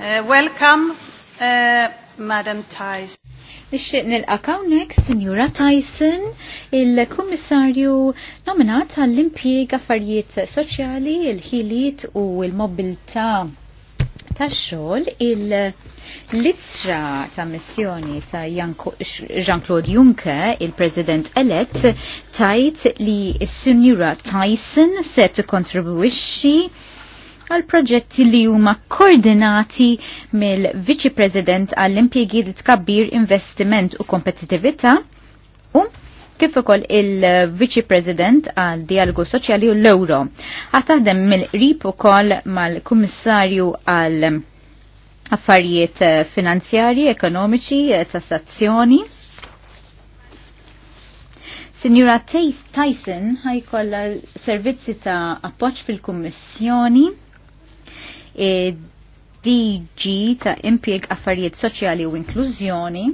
Uh, welcome, uh, Madam Tyson. Nixtieq nilqa' hawnhekk Sinjura Tyson, il-Kummissarju nominat għall-impjieg affarijiet soċjali, il-ħiliet u l-mobilità tax-xogħol il ħiliet u l mobilità tax xogħol il litsra ta' missjoni ta' Jean-Claude Juncker, il-President elett, tajt li s-Sinjura Tyson se kontribuixxi għal proġetti li huma koordinati mill-Viċi President għall-impjegi li tkabbir investiment u kompetitività u kif ukoll il-Viċi President għal Dialogu Soċjali u l-Euro. Għataħdem mill-qrib ukoll mal-Kummissarju għal affarijiet finanzjarji, ekonomiċi, tassazzjoni. Signora Tyson ħajkolla servizzi ta' appoċ fil-Kummissjoni E DG ta' impieg affarijiet soċjali u inklużjoni.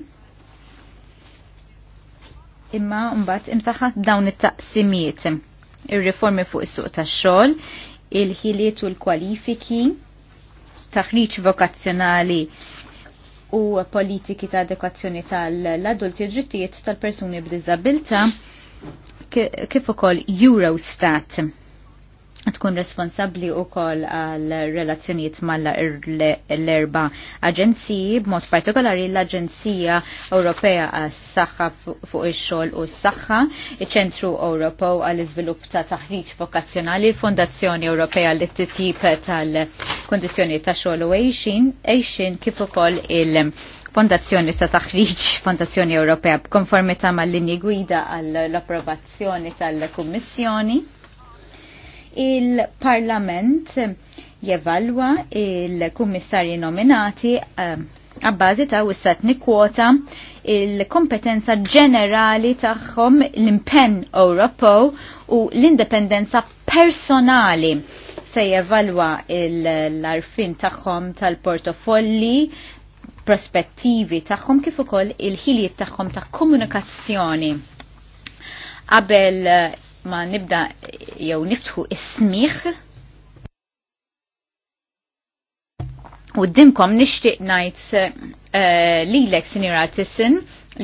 Imma mbagħad imsaħħa dawn it-taqsimiet ir-riformi fuq is-suq tax-xogħol, il-ħiliet u l-kwalifiki, taħriġ vokazzjonali u politiki ta' adekwazzjoni tal-adulti ġrittijiet tal-persuni b'diżabilità kif ukoll Eurostat tkun responsabli u koll għal relazzjoniet malla l-erba aġenziji, b'mod partikolari l-Aġenzija Ewropea għas saħħa fuq ix-xogħol u s-saħħa, iċ-Ċentru Ewropew għall iżvilupp ta' taħriġ vokazzjonali, l-Fondazzjoni Ewropea l tittib tal-kondizzjoni ta' xogħol u għejxin, kif ukoll il- Fondazzjoni ta' Taħriġ, Fondazzjoni Ewropea, b'konformità mal-linji gwida għall-approvazzjoni tal-Kummissjoni il-Parlament jevalwa il-kummissarji nominati ehm, għabbażi ta' wissat nikwota il-kompetenza ġenerali tagħhom l-impenn Europo u l-indipendenza personali se jevalwa l-arfin tagħhom tal-portofolli prospettivi tagħhom kif ukoll il-ħiliet tagħhom ta' komunikazzjoni. Qabel ma nibda jew niftħu is-smiħ U ddimkom nishtiq najt eh, li l-ek sinira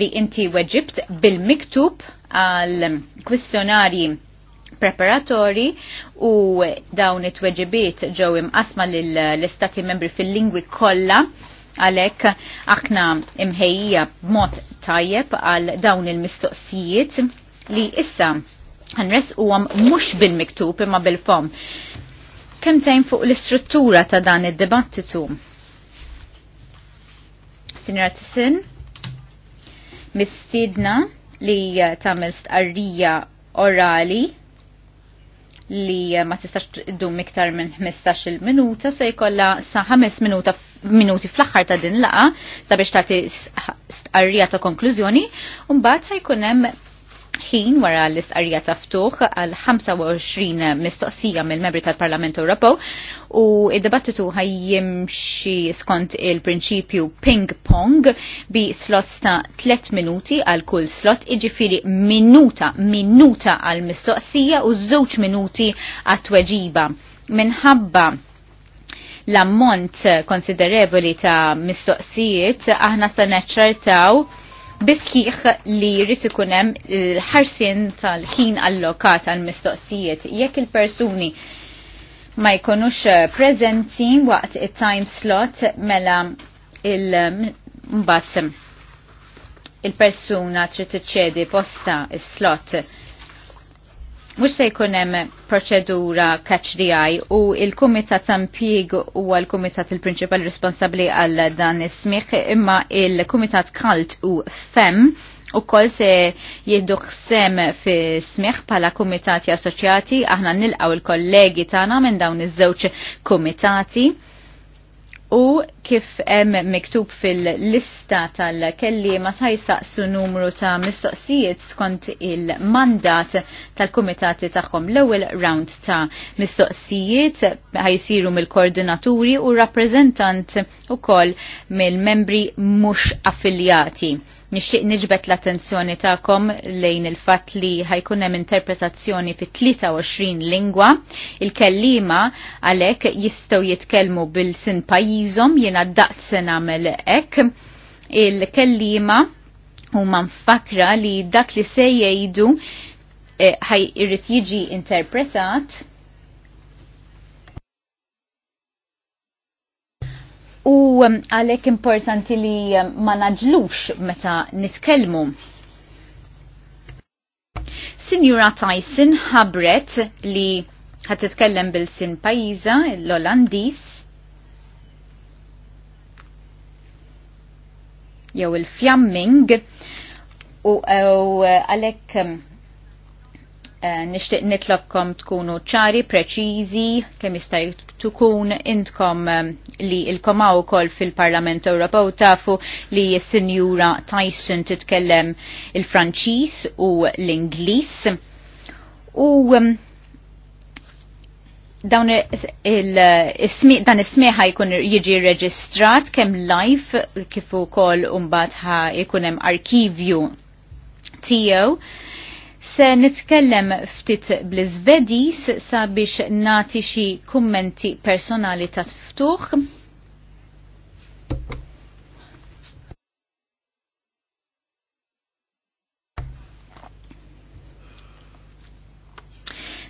li inti weġibt bil-miktub għal kwistjonari preparatori u dawn it-weġibiet ġew imqasma l-istati membri fil-lingwi kollha għalek aħna imħejja b'mod tajjeb għal dawn il-mistoqsijiet li issa ħanres u għam mux bil-miktub imma bil-fom. Kem tajn fuq l-istruttura ta' dan id-debattitu? Sinjora Tissin, mistidna li tamil stqarrija orali li ma tistax iddum iktar minn 15 minuta se jkollha sa 5 minuta minuti fl-aħħar ta' din laqa sabiex tagħti stqarrija ta' konklużjoni un mbagħad ħajkunem hemm ħin wara l-istqarrija ta' ftuħ għal 25 mistoqsija mill-membri tal-Parlament Ewropew u id-dibattitu ħajjimxi skont il-prinċipju ping-pong bi slots ta' 3 minuti għal kull slot iġifiri minuta minuta għal mistoqsija u żewġ minuti għat tweġiba minħabba l-ammont konsiderevoli ta' mistoqsijiet aħna se neċċertaw bisħiħ li jrid ikun hemm l-ħarsin tal-ħin allokat għall mistoqsijiet jekk il-persuni ma jkunux preżenti waqt it-time slot mela il mbagħad il-persuna trid tiċċedi posta il slot il mux se jkunem proċedura catch the eye u il-Kumitat Tampig u l-Kumitat il principal responsabli għal dan ismiħ imma il-Kumitat Kalt u Fem u kol se jiddu xsem fi smiħ pala kumitati assoċjati, aħna nilqaw il-kollegi tana minn dawn iż-żewġ kumitati u kif hemm miktub fil-lista tal-kelli ma sajsaqsu numru ta' mistoqsijiet skont il-mandat tal-kumitati tagħhom l-ewwel round ta' mistoqsijiet ħajsiru mill-koordinaturi u rappreżentant ukoll mill-membri mhux affiljati. Nixtieq niġbet l-attenzjoni tagħkom lejn il-fatt li ħajkun hemm interpretazzjoni fi 23 lingwa. Il-kellima għalhekk jistgħu jitkellmu bil-sin pajjiżhom jiena daqs se ek hekk il-kellima huma mfakra li dak li se jgħidu eh, ħaj eh, irrit jiġi interpretat u għalhekk importanti li ma naġlux meta nitkellmu. Signora Tyson ħabret li ħat titkellem bil-sin pajiza, l-Olandis, jew il-fjamming u għalek um, eh, nishtiq nitlobkom tkunu ċari, preċizi, kemm jista' tkun intkom um, li il-komaw kol fil-Parlament Ewropew tafu li s-Sinjura Tyson titkellem il-Franċis u l-Inglis. U um, dawn dan is ħaj jkun jiġi reġistrat kemm live kif ukoll mbagħad ħa jkun hemm arkivju tiegħu. Se nitkellem ftit bl-Svedis sabiex nati xi kummenti personali ta' ftuħ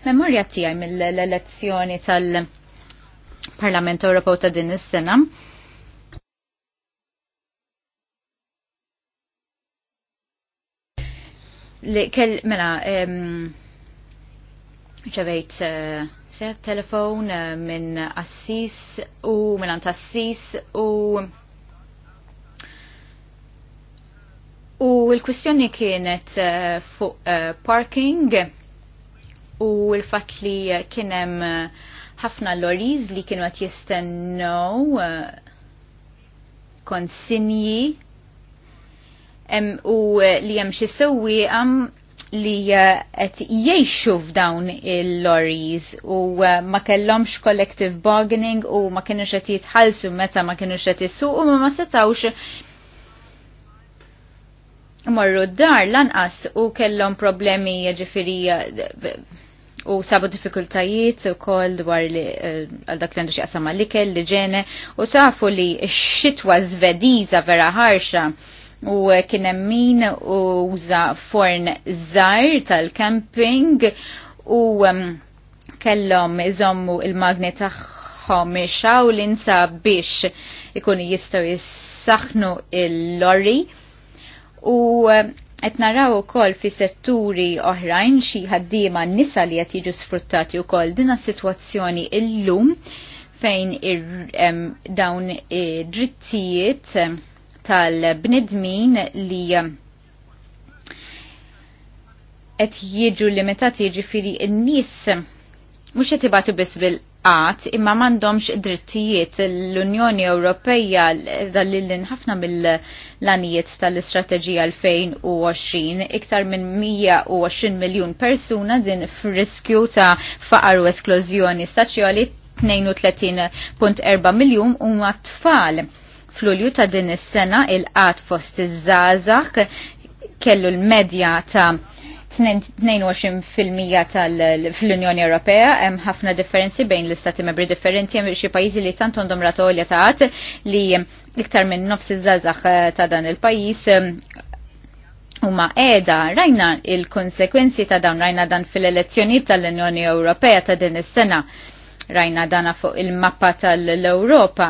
memorja tiegħi mill-elezzjoni tal-Parlament Ewropew ta' din is-sena. Li kell mela ċavejt eh, seħ telefon eh, minn Assis u minn Assis u u l-kwistjoni kienet eh, fuq parking u l-fat li kienem eh, ħafna lorries li kienu għat jistennow eh, konsinji u eh, li jem xissewi għam li għet jiexu f'dawn il-lorries u ma kellomx collective bargaining u ma kienu xet jitħalsu meta ma kienu xet jissu u ma setawx marru d-dar lanqas u kellom problemi ġifiri u sabu diffikultajiet u koll dwar li eh, għal dak l-għandu xieqsam mal likel li ġene u tafu li x-xitwa zvediza vera ħarxa u eh, kienem min uża forn zar tal-camping u kellom iżommu il magnet taħħom l-insa biex ikuni jistaw jissaxnu il-lorri u Et naraw ukoll fi setturi oħrajn xi ħaddiema nisa li qed jiġu sfruttati wkoll din is-sitwazzjoni illum fejn dawn id-drittijiet tal-bnedmin li qed jiġu limitati jiġifieri n-nies mhux qed ibatu biss bil għat imma mandomx drittijiet l-Unjoni Ewropeja dal ħafna mill-lanijiet tal-istrateġija 2020 iktar minn 120 miljon persuna din friskju ta' faqar u esklużjoni staċjoli 32.4 miljon u tfal. Fl-ulju ta' din is-sena il-qat fost iż-żazax kellu l-medja ta' 22% tal-fl-Unjoni Ewropea hemm ħafna differenzi bejn l-istati membri differenti hemm xi pajjiżi li tant għandhom ratolja ta' li iktar minn nofs iż-żazax ta' dan il-pajjiż ehm, Huma qiegħda rajna il-konsekwenzi ta' dawn rajna dan fil-elezzjonijiet tal-Unjoni Ewropea ta' din is-sena. Rajna dana fuq il-mappa tal-Ewropa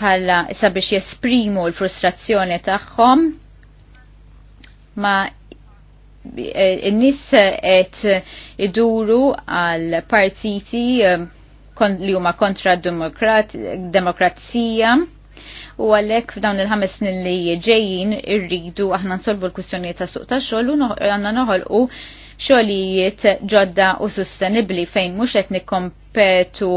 bħala sabiex jesprimu l-frustrazzjoni tagħhom ma n-nis et iduru għal partiti eh, li huma kontra demokrazija u għalek f'dawn il-ħames snin li ġejjin irridu aħna nsolvu l-kwistjonijiet ta' suq ta' xogħol u għandna noħolqu xogħlijiet ġodda u sostenibbli fejn mhux qed nikkompetu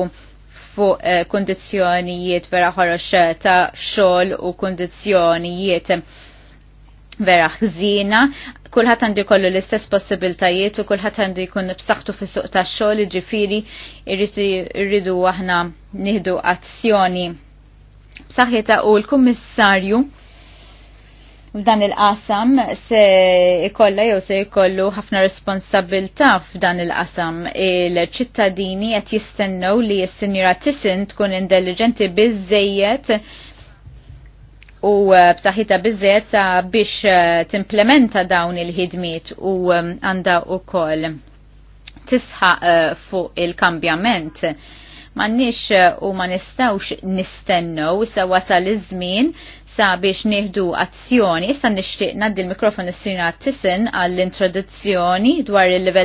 fuq eh, kondizjonijiet vera ħorox ta' xogħol u kondizzjonijiet vera ħżina, kulħadd għandu jkollu l-istess possibiltajiet u kulħadd għandu jkun b'saħħtu fis-suq tax-xogħol, ġifieri rridu aħna nieħdu azzjoni b'saħħitha u l-Kummissarju f'dan il-qasam se jkollha jew se jkollu ħafna responsabilità f'dan il-qasam. Il-ċittadini qed jistennew li s-sinjura Tisin tkun intelligenti biżejjed u eh, b'saħħita biżżejjed sa biex eh, timplementa dawn il-ħidmiet u eh, għandha wkoll tisħaq fuq il-kambjament mannix u ma nistawx nistennu sa wasal iż-żmien sa biex nieħdu azzjoni. Issa nixtieq ngħaddi l-mikrofon is-sina tisin għall-introduzzjoni dwar il-livell